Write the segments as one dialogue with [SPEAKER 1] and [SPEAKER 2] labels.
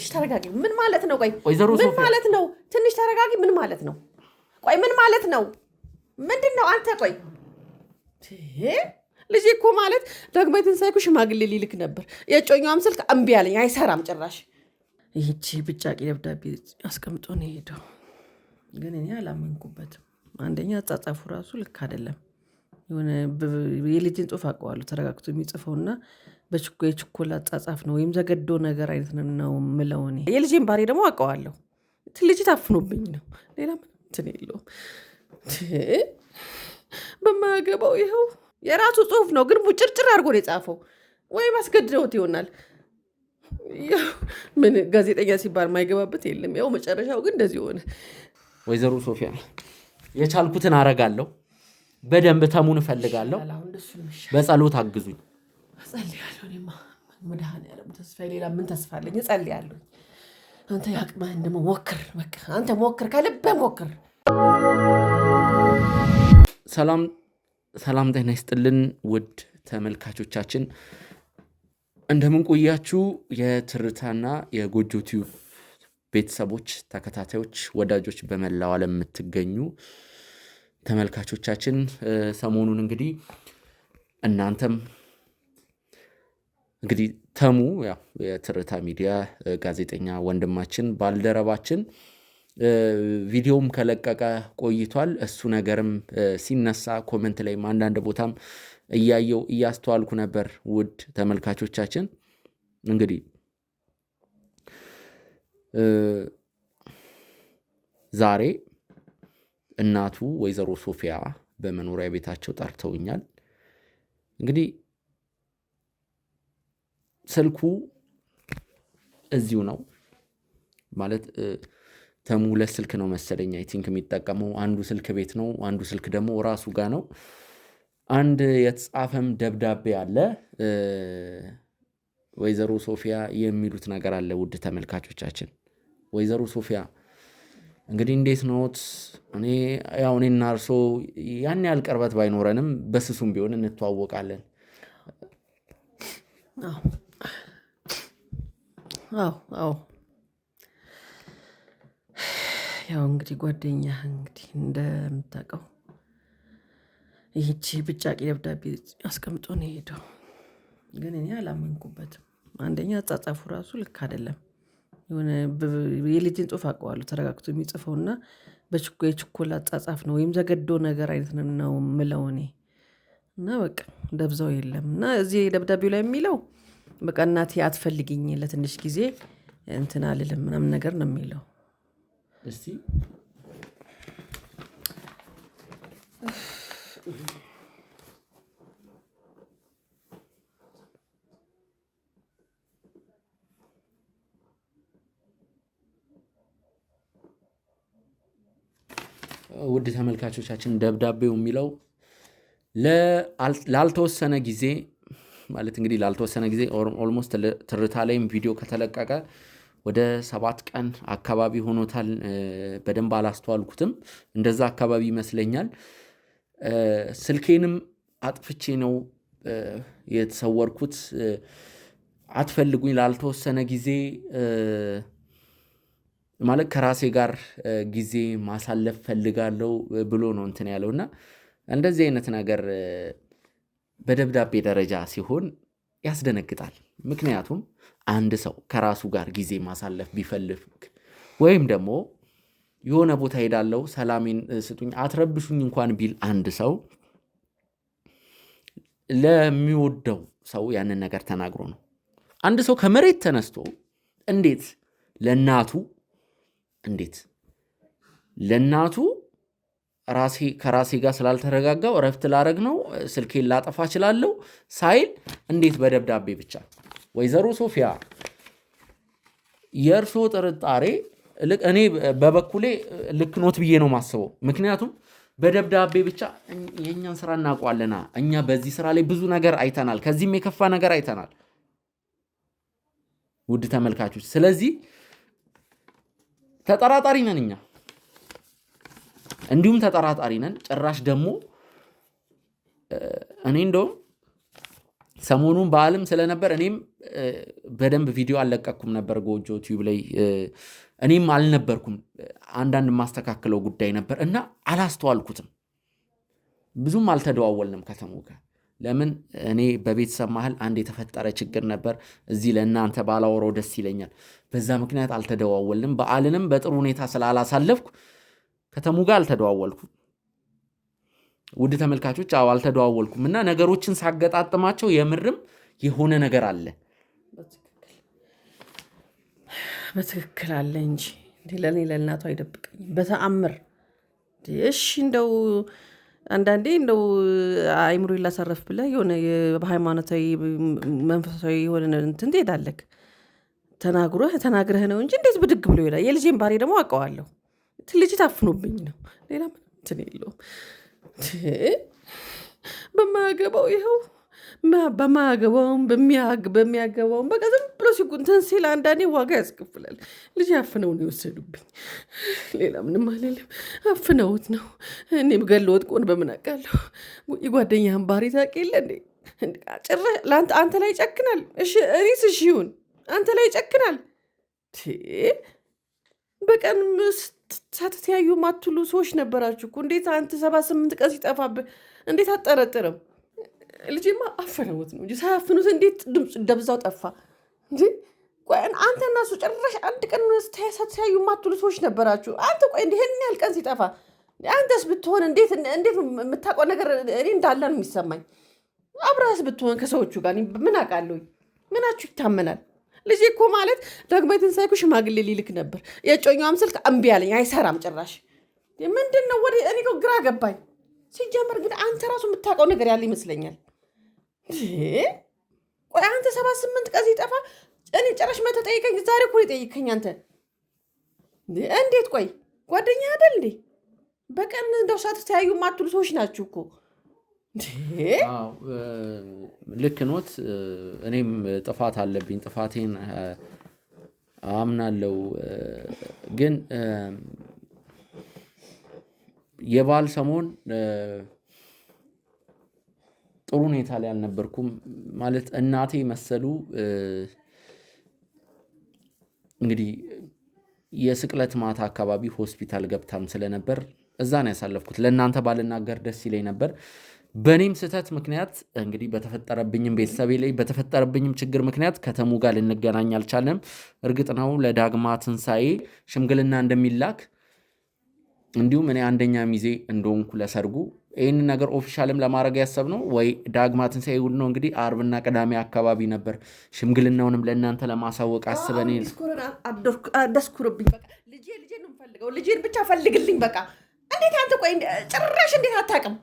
[SPEAKER 1] ትንሽ ተረጋጊ። ምን ማለት ነው? ቆይ ምን ማለት ነው? ትንሽ ተረጋጊ። ምን ማለት ነው? ቆይ ምን ማለት ነው? ምንድን ነው አንተ? ቆይ ልጄ እኮ ማለት ደግሞ የትንሣኤ እኮ ሽማግሌ ሊልክ ነበር። የጮኛዋም ስልክ እምቢ አለኝ፣ አይሰራም ጭራሽ። ይህቺ ብጫቂ ደብዳቤ አስቀምጦ ነው የሄደው፣ ግን እኔ አላመንኩበትም። አንደኛ አጻጻፉ ራሱ ልክ አይደለም። የሆነ የልጅን ጽሑፍ አውቀዋለሁ ተረጋግቶ የሚጽፈውና የችኮላ አጻጻፍ ነው ወይም ዘገዶ ነገር አይነት ነው ምለው። እኔ የልጄን ባህሪ ደግሞ አውቀዋለሁ። ልጅ ታፍኖብኝ ነው፣ ሌላ ምንትን የለውም። በማያገባው ይኸው የራሱ ጽሁፍ ነው፣ ግን ቡጭርጭር አድርጎ ነው የጻፈው። ወይም አስገድደውት ይሆናል። ምን ጋዜጠኛ ሲባል ማይገባበት የለም። ያው መጨረሻው ግን እንደዚህ ሆነ።
[SPEAKER 2] ወይዘሮ ሶፊያ የቻልኩትን አረጋለሁ። በደንብ ተሙን እፈልጋለሁ። በጸሎት አግዙኝ።
[SPEAKER 1] እጸልያለሁ። እኔማ መድኃኒዓለም ተስፋ ሌላ ምን ተስፋ አለኝ? እጸልያለሁ። አንተ ደግሞ ሞክር። በቃ አንተ ሞክር፣ ከልበ ሞክር።
[SPEAKER 2] ሰላም ሰላም፣ ጤና ይስጥልን ውድ ተመልካቾቻችን እንደምን ቆያችሁ? የትርታና የጎጆ ቲዩብ ቤተሰቦች፣ ተከታታዮች፣ ወዳጆች በመላው ዓለም የምትገኙ ተመልካቾቻችን ሰሞኑን እንግዲህ እናንተም እንግዲህ ተሙ ያው የትርታ ሚዲያ ጋዜጠኛ ወንድማችን ባልደረባችን ቪዲዮም ከለቀቀ ቆይቷል። እሱ ነገርም ሲነሳ ኮመንት ላይም አንዳንድ ቦታም እያየው እያስተዋልኩ ነበር። ውድ ተመልካቾቻችን እንግዲህ ዛሬ እናቱ ወይዘሮ ሶፊያ በመኖሪያ ቤታቸው ጠርተውኛል እንግዲህ ስልኩ እዚሁ ነው ማለት ተሙ ሁለት ስልክ ነው መሰለኝ አይ ቲንክ የሚጠቀመው አንዱ ስልክ ቤት ነው፣ አንዱ ስልክ ደግሞ ራሱ ጋር ነው። አንድ የተጻፈም ደብዳቤ አለ። ወይዘሮ ሶፊያ የሚሉት ነገር አለ። ውድ ተመልካቾቻችን ወይዘሮ ሶፊያ እንግዲህ እንዴት ነት እኔ ያው እኔና እርሶ ያን ያህል ቅርበት ባይኖረንም በስሱም ቢሆን እንተዋወቃለን።
[SPEAKER 1] አዎ አዎ ያው እንግዲህ ጓደኛ እንግዲህ እንደምታውቀው ይቺ ብጫቂ ደብዳቤ አስቀምጦ ነው የሄደው። ግን እኔ አላመንኩበትም። አንደኛ አጻጻፉ ራሱ ልክ አይደለም። የሆነ የልጅን ጽሁፍ አውቀዋለሁ ተረጋግቶ የሚጽፈውና የችኮላ አጻጻፍ ነው ወይም ዘገዶ ነገር አይነት ነው ምለው እኔ እና በቃ ደብዛው የለም እና እዚህ ደብዳቤው ላይ የሚለው በቃ እናቴ ለትንሽ ጊዜ እንትን አልልም ምናምን ነገር ነው የሚለው።
[SPEAKER 2] እስቲ ውድ ተመልካቾቻችን ደብዳቤው የሚለው ላልተወሰነ ጊዜ ማለት እንግዲህ ላልተወሰነ ጊዜ ኦልሞስት ትርታ ላይም ቪዲዮ ከተለቀቀ ወደ ሰባት ቀን አካባቢ ሆኖታል። በደንብ አላስተዋልኩትም፣ እንደዛ አካባቢ ይመስለኛል። ስልኬንም አጥፍቼ ነው የተሰወርኩት። አትፈልጉኝ ላልተወሰነ ጊዜ ማለት ከራሴ ጋር ጊዜ ማሳለፍ ፈልጋለሁ ብሎ ነው እንትን ያለው እና እንደዚህ አይነት ነገር በደብዳቤ ደረጃ ሲሆን ያስደነግጣል። ምክንያቱም አንድ ሰው ከራሱ ጋር ጊዜ ማሳለፍ ቢፈልግ ወይም ደግሞ የሆነ ቦታ ሄዳለው ሰላሜን ስጡኝ አትረብሹኝ እንኳን ቢል አንድ ሰው ለሚወደው ሰው ያንን ነገር ተናግሮ ነው። አንድ ሰው ከመሬት ተነስቶ እንዴት ለእናቱ እንዴት ለእናቱ ራሴ ከራሴ ጋር ስላልተረጋጋው እረፍት ላረግ ነው ስልኬን ላጠፋ እችላለሁ ሳይል እንዴት በደብዳቤ ብቻ? ወይዘሮ ሶፊያ የእርሶ ጥርጣሬ እኔ በበኩሌ ልክ ኖት ብዬ ነው የማስበው። ምክንያቱም በደብዳቤ ብቻ የእኛን ስራ እናውቋለና እኛ በዚህ ስራ ላይ ብዙ ነገር አይተናል፣ ከዚህም የከፋ ነገር አይተናል ውድ ተመልካቾች። ስለዚህ ተጠራጣሪ ነን እኛ። እንዲሁም ተጠራጣሪ ነን። ጭራሽ ደግሞ እኔ እንደውም ሰሞኑን በዓልም ስለነበር እኔም በደንብ ቪዲዮ አልለቀኩም ነበር ጎጆ ቲዩብ ላይ እኔም አልነበርኩም። አንዳንድ የማስተካክለው ጉዳይ ነበር እና አላስተዋልኩትም። ብዙም አልተደዋወልንም ከተማው ጋር ለምን እኔ በቤተሰብ መሀል አንድ የተፈጠረ ችግር ነበር። እዚህ ለእናንተ ባላወረው ደስ ይለኛል። በዛ ምክንያት አልተደዋወልንም። በአልንም በጥሩ ሁኔታ ስላላሳለፍኩ ከተሙ ጋር አልተደዋወልኩም። ውድ ተመልካቾች፣ አዎ አልተደዋወልኩም እና ነገሮችን ሳገጣጥማቸው የምርም የሆነ ነገር አለ።
[SPEAKER 1] በትክክል አለ እንጂ ለእኔ ለእናቱ አይደብቀኝም በተአምር። እሺ እንደው አንዳንዴ እንደው አይምሮ ይላሰረፍ ብለህ የሆነ በሃይማኖታዊ መንፈሳዊ የሆነ እንትን ትሄዳለህ። ተናግሮህ ተናግረህ ነው እንጂ እንዴት ብድግ ብሎ ይላል የልጄን ባህሪ ደግሞ አውቀዋለሁ። ልጅ ታፍኖብኝ ነው። ሌላ እንትን የለውም። በማያገባው ይኸው በማያገባውም በሚያገባውም በቃ ዝም ብሎ ሲጉንተን ሲል አንዳንዴ ዋጋ ያስከፍላል። ልጅ አፍነው ነው የወሰዱብኝ። ሌላ ምንም አልልም። አፍነውት ነው። እኔም ገለወጥ ቆን በምን አውቃለሁ? የጓደኛህን ባህሪ ታውቅ የለ እንዴ? ጭራሽ አንተ ላይ ይጨክናል። እኔስ እሺ ይሁን፣ አንተ ላይ ይጨክናል። በቀን ሳትተያዩ ማትሉ ሰዎች ነበራችሁ እኮ። እንዴት አንተ ሰባ ስምንት ቀን ሲጠፋብህ እንዴት አጠረጥርም? ልጅማ አፈረውት ነው ሳያፍኑት እንዴት ድምፅ ደብዛው ጠፋ እንጂ። ቆይ አንተ እና እሱ ጭራሽ አንድ ቀን ሳትተያዩ ማትሉ ሰዎች ነበራችሁ። አንተ ቆይ ይህን ያህል ቀን ሲጠፋ አንተስ ብትሆን እንዴት እንዴት የምታውቀው ነገር እኔ እንዳለ ነው የሚሰማኝ። አብረህስ ብትሆን ከሰዎቹ ጋር ምን አውቃለሁ? ምናችሁ ይታመናል? ልጅ እኮ ማለት ደግሞ የትንሣኤ እኮ ሽማግሌ ሊልክ ነበር። የጮኛዋም ስልክ እምቢ አለኝ፣ አይሰራም ጭራሽ። ምንድን ነው ወደ እኔ ግራ ገባኝ። ሲጀመር ግን አንተ ራሱ የምታውቀው ነገር ያለ ይመስለኛል። ቆይ አንተ ሰባት ስምንት ቀን ሲጠፋ እኔ ጭራሽ መተ ጠይቀኝ። ዛሬ እኮ የጠይቀኝ አንተ እንዴት? ቆይ ጓደኛ አይደል እንዴ? በቀን እንደው ሰዓት ተያዩ ማትሉ ሰዎች ናችሁ እኮ
[SPEAKER 2] ልክ ኖት። እኔም ጥፋት አለብኝ፣ ጥፋቴን አምናለው። ግን የበዓል ሰሞን ጥሩ ሁኔታ ላይ አልነበርኩም። ማለት እናቴ መሰሉ እንግዲህ የስቅለት ማታ አካባቢ ሆስፒታል ገብታም ስለነበር እዛ ነው ያሳለፍኩት። ለእናንተ ባልናገር ደስ ይለኝ ነበር። በእኔም ስህተት ምክንያት እንግዲህ በተፈጠረብኝም ቤተሰቤ ላይ በተፈጠረብኝም ችግር ምክንያት ከተሙ ጋር ልንገናኝ አልቻለም። እርግጥ ነው ለዳግማ ትንሣኤ ሽምግልና እንደሚላክ እንዲሁም እኔ አንደኛ ሚዜ እንደሆንኩ ለሰርጉ ይህን ነገር ኦፊሻልም ለማድረግ ያሰብነው ወይ ዳግማ ትንሣኤ ውድ ነው። እንግዲህ አርብና ቅዳሜ አካባቢ ነበር። ሽምግልናውንም ለእናንተ ለማሳወቅ አስበን
[SPEAKER 1] ደስኩርብኝ። ልጄን ብቻ ፈልግልኝ። በቃ እንዴት አንተ ቆይ ጭራሽ እንዴት አታውቅም?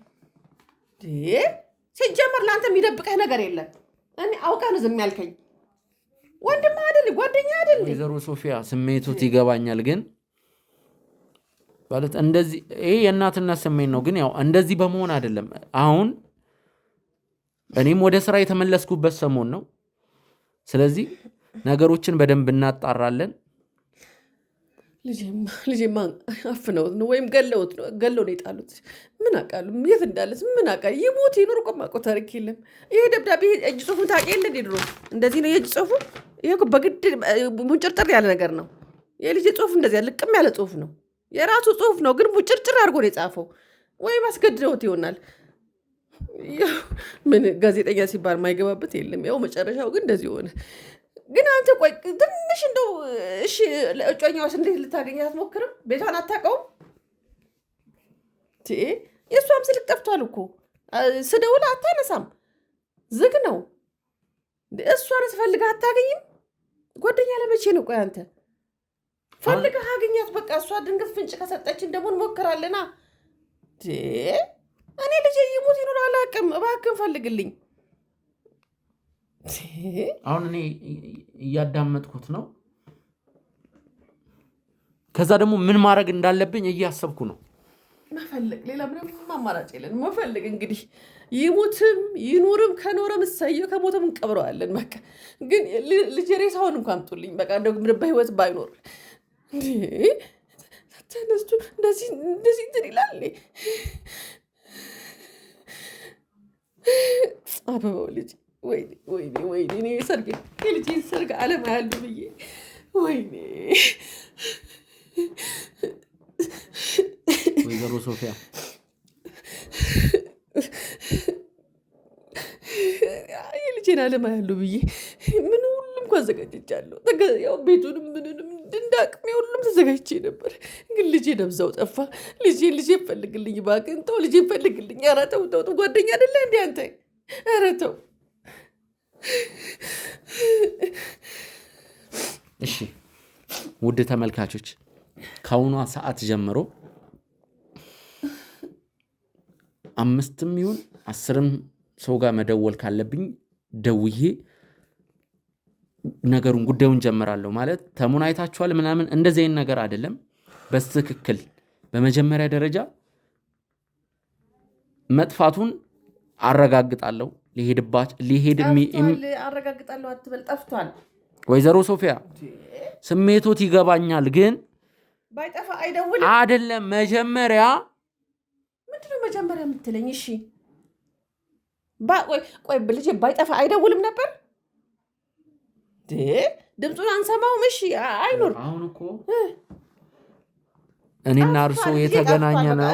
[SPEAKER 1] ሲጀመር ለአንተ የሚደብቀህ ነገር የለም። እኔ አውቀህ ነው ዝም ያልከኝ። ወንድም አይደል ጓደኛ አይደል?
[SPEAKER 2] ወይዘሮ ሶፊያ ስሜቱት ይገባኛል፣ ግን ማለት እንደዚህ ይሄ የእናትነት ስሜት ነው። ግን ያው እንደዚህ በመሆን አይደለም። አሁን እኔም ወደ ስራ የተመለስኩበት ሰሞን ነው። ስለዚህ ነገሮችን በደንብ እናጣራለን።
[SPEAKER 1] ልጄማ አፍነውት ነው ወይም ገለውት ነው ገለው ነው የጣሉት። ምን አውቃለሁ የት እንዳለስ ምን አውቃ ይሞት ይኖር እኮ የማውቀው ታሪክ የለም። ይሄ ደብዳቤ እጅ ጽሑፉን ታውቂ የለ ድሮ እንደዚህ ነው የእጅ ጽሑፉ። ይሄ በግድ ሙንጭርጥር ያለ ነገር ነው። የልጄ ጽሑፍ እንደዚያ ልቅም ያለ ጽሑፍ ነው። የራሱ ጽሑፍ ነው፣ ግን ሙጭርጭር አድርጎ ነው የጻፈው። ወይም አስገድደውት ይሆናል። ምን ጋዜጠኛ ሲባል ማይገባበት የለም። ያው መጨረሻው ግን እንደዚህ ሆነ። ግን አንተ ቆይ ትንሽ እንደው እሺ፣ እጮኛዋስ እንዴት ልታገኝ አትሞክርም? ቤቷን አታውቀውም? የእሷም ስልክ ጠፍቷል እኮ ስደውል አታነሳም፣ ዝግ ነው። እሷን ፈልገህ አታገኝም? ጓደኛ ለመቼ ነው? ቆይ አንተ ፈልገህ አገኛት። በቃ እሷ ድንግፍ ፍንጭ ከሰጠችን ደግሞ እንሞክራለና። እኔ ልጄ ይሙት ይኑር አላውቅም። እባክህን ፈልግልኝ።
[SPEAKER 2] አሁን እኔ እያዳመጥኩት ነው። ከዛ ደግሞ ምን ማድረግ እንዳለብኝ እያሰብኩ ነው።
[SPEAKER 1] መፈለግ፣ ሌላ ምንም አማራጭ የለን። መፈለግ እንግዲህ ይሙትም ይኑርም ከኖረም እሰየው፣ ከሞተም እንቀብረዋለን። በቃ ግን ልጅ ሬሳውን እንኳ አምጡልኝ። በቃ እንደው በህይወት ባይኖር ተነስቱ እንደዚህ እንደዚህ እንትን ይላል። አበባው ልጅ ወይኔ ወይኔ ወይኔ እኔ ሰርግ የልጄን ሰርግ አለም አያሉ ብዬ ወይኔ።
[SPEAKER 2] ወይዘሮ ሶፊያ
[SPEAKER 1] የልጄን አለም አያሉ ብዬ ምን ሁሉም እኮ አዘጋጅቻለሁ። ያው ቤቱንም ምንንም እንዳቅሜ ሁሉም ተዘጋጅቼ ነበር፣ ግን ልጄ ደብዛው ጠፋ። ልጄ ልጄ ፈልግልኝ እባክህ፣ ተው ልጄ ፈልግልኝ። ኧረ ተው ተው፣ ጓደኛ አይደለ እንደ አንተ ኧረ ተው
[SPEAKER 2] እሺ ውድ ተመልካቾች ከአሁኗ ሰዓት ጀምሮ አምስትም ይሁን አስርም ሰው ጋር መደወል ካለብኝ ደውዬ ነገሩን ጉዳዩን ጀምራለሁ። ማለት ተሙን አይታችኋል ምናምን እንደዚህ አይነት ነገር አይደለም። በትክክል በመጀመሪያ ደረጃ መጥፋቱን አረጋግጣለሁ። ሊሄድባት ሊሄድ
[SPEAKER 1] አረጋግጣለሁ አትበል፣ ጠፍቷል።
[SPEAKER 2] ወይዘሮ ሶፊያ ስሜቶት ይገባኛል፣ ግን
[SPEAKER 1] ባይጠፋ አይደውልም።
[SPEAKER 2] አይደለም መጀመሪያ
[SPEAKER 1] ምንድነው መጀመሪያ የምትለኝ? እሺ ቆይ ልጄ ባይጠፋ አይደውልም ነበር ድምፁን አንሰማውም። እሺ አይኖር
[SPEAKER 2] አሁን እኮ እኔና እርሱ የተገናኘ ነው።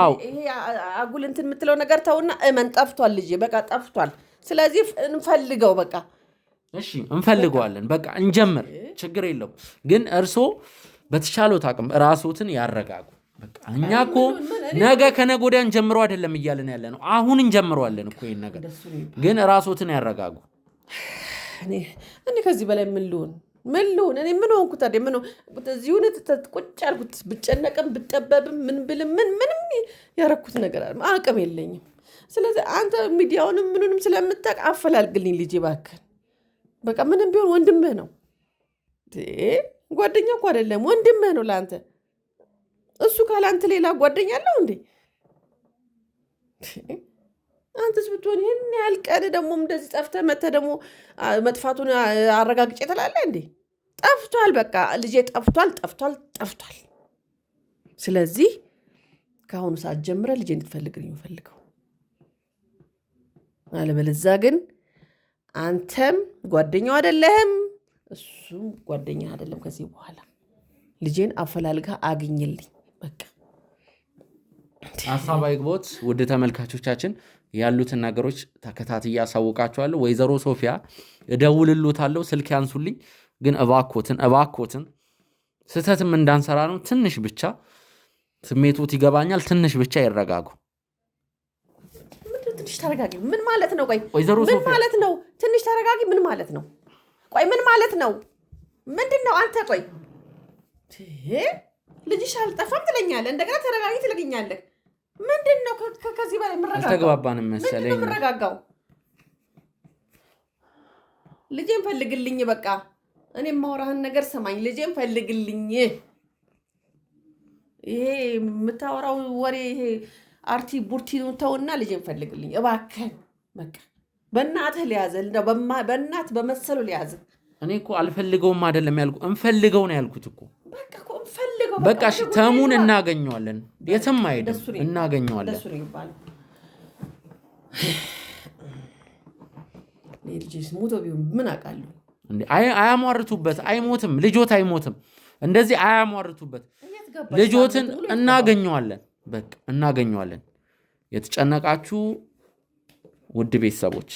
[SPEAKER 2] አዎ
[SPEAKER 1] ይሄ አጉል እንትን የምትለው ነገር ተውና፣ እመን ጠፍቷል፣ ልጄ በቃ ጠፍቷል። ስለዚህ እንፈልገው በቃ
[SPEAKER 2] እሺ፣ እንፈልገዋለን በቃ እንጀምር፣ ችግር የለው። ግን እርሶ በተሻለት አቅም ራሶትን ያረጋጉ። እኛ እኮ ነገ ከነገ ወዲያን ጀምሮ አይደለም እያለን ያለ ነው። አሁን እንጀምረዋለን እኮ ይህን ነገር። ግን ራሶትን ያረጋጉ።
[SPEAKER 1] እኔ ከዚህ በላይ ምን ልሆን ምን ልሁን እኔ? ምን ሆንኩ ታዲያ? ምን እዚሁን ቁጭ ያልኩት ብጨነቅም ብጠበብም ምን ብልም ምን ምንም ያረኩት ነገር አቅም የለኝም። ስለዚህ አንተ ሚዲያውንም ምኑንም ስለምታቅ አፈላልግልኝ ልጅ እባክህን። በቃ ምንም ቢሆን ወንድምህ ነው፣ ጓደኛ እኮ አይደለም ወንድምህ ነው ለአንተ። እሱ ካላንተ ሌላ ጓደኛ አለው እንዴ? አንተስ ብትሆን ይህን ያህል ቀን ደግሞ እንደዚህ ጠፍተህ መተህ ደግሞ መጥፋቱን አረጋግጬ ትላለህ እንዴ? ጠፍቷል፣ በቃ ልጄ ጠፍቷል፣ ጠፍቷል፣ ጠፍቷል። ስለዚህ ከአሁኑ ሰዓት ጀምረህ ልጄ እንድትፈልግ ነው የምፈልገው። አለበለዛ ግን አንተም ጓደኛው አይደለህም፣ እሱም ጓደኛ አይደለም። ከዚህ በኋላ ልጄን አፈላልጋ አግኝልኝ። በቃ
[SPEAKER 2] ሀሳብ አይግቦት ውድ ተመልካቾቻችን ያሉትን ነገሮች ተከታት አሳውቃችኋለሁ። ወይዘሮ ሶፊያ እደውልልዎታለሁ፣ ስልክ ያንሱልኝ። ግን እባኮትን እባኮትን ስህተትም እንዳንሰራ ነው። ትንሽ ብቻ ስሜቱት ይገባኛል። ትንሽ ብቻ ይረጋጉ።
[SPEAKER 1] ትንሽ ተረጋጊ። ምን ማለት ነው? ቆይ ምን ማለት ነው? ትንሽ ተረጋጊ። ምን ማለት ነው? ቆይ ምን ማለት ነው? ምንድን ነው አንተ? ቆይ ልጅሽ አልጠፋም ትለኛለህ፣ እንደገና ተረጋጊ ትለኛለህ። ምንድን ነው ከዚህ በላይ አልተግባባንም መሰለኝ። የምረጋጋው ልጄን ፈልግልኝ፣ በቃ እኔ የማወራህን ነገር ሰማኝ። ልጄን ፈልግልኝ። ይሄ የምታወራው ወሬ ይሄ አርቲ ቡርቲ ተውና፣ ልጄን ፈልግልኝ እባክህን። በቃ በእናትህ ሊያዘ በእናት በመሰሉ ሊያዘ።
[SPEAKER 2] እኔ እኮ አልፈልገውም አይደለም ያልኩ፣ እንፈልገው ነው ያልኩት እኮ በቃ ተሙን እናገኘዋለን፣ የትም አይሄድም፣ እናገኘዋለን። አያሟርቱበት፣ አይሞትም፣ ልጆት አይሞትም። እንደዚህ አያሟርቱበት፣ ልጆትን እናገኘዋለን፣ በቃ እናገኘዋለን። የተጨነቃችሁ ውድ ቤተሰቦች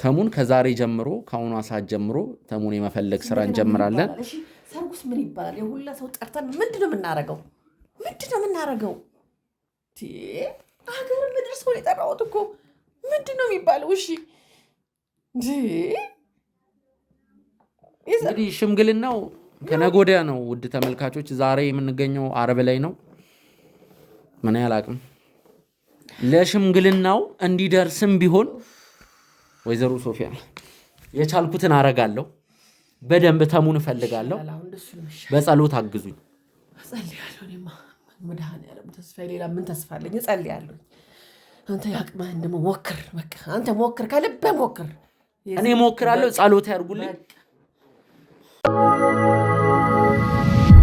[SPEAKER 2] ተሙን ከዛሬ ጀምሮ ከአሁኗ ሰዓት ጀምሮ ተሙን የመፈለግ ስራ እንጀምራለን።
[SPEAKER 1] ሰርጉስ ምን ይባላል? የሁላ ሰው ጠርተን ምንድን ነው የምናረገው? ምንድን ነው የምናረገው? ምድር ሰው የጠራሁት እኮ ምንድን ነው የሚባለው? እሺ
[SPEAKER 2] እንግዲህ ሽምግልናው ከነገ ወዲያ ነው። ውድ ተመልካቾች ዛሬ የምንገኘው አረብ ላይ ነው። ምን ያህል አቅም ለሽምግልናው እንዲደርስም ቢሆን ወይዘሮ ሶፊያ የቻልኩትን አረጋለሁ። በደንብ ተሙን እፈልጋለሁ። በጸሎት አግዙኝ።
[SPEAKER 1] ሌላ ምን ተስፋ አለኝ? እጸልያለሁ። አንተ ያቅመህን ደግሞ ሞክር። በቃ አንተ ሞክር፣ ከልበህ ሞክር።
[SPEAKER 2] እኔ ሞክራለሁ። ጸሎት ያድርጉልኝ።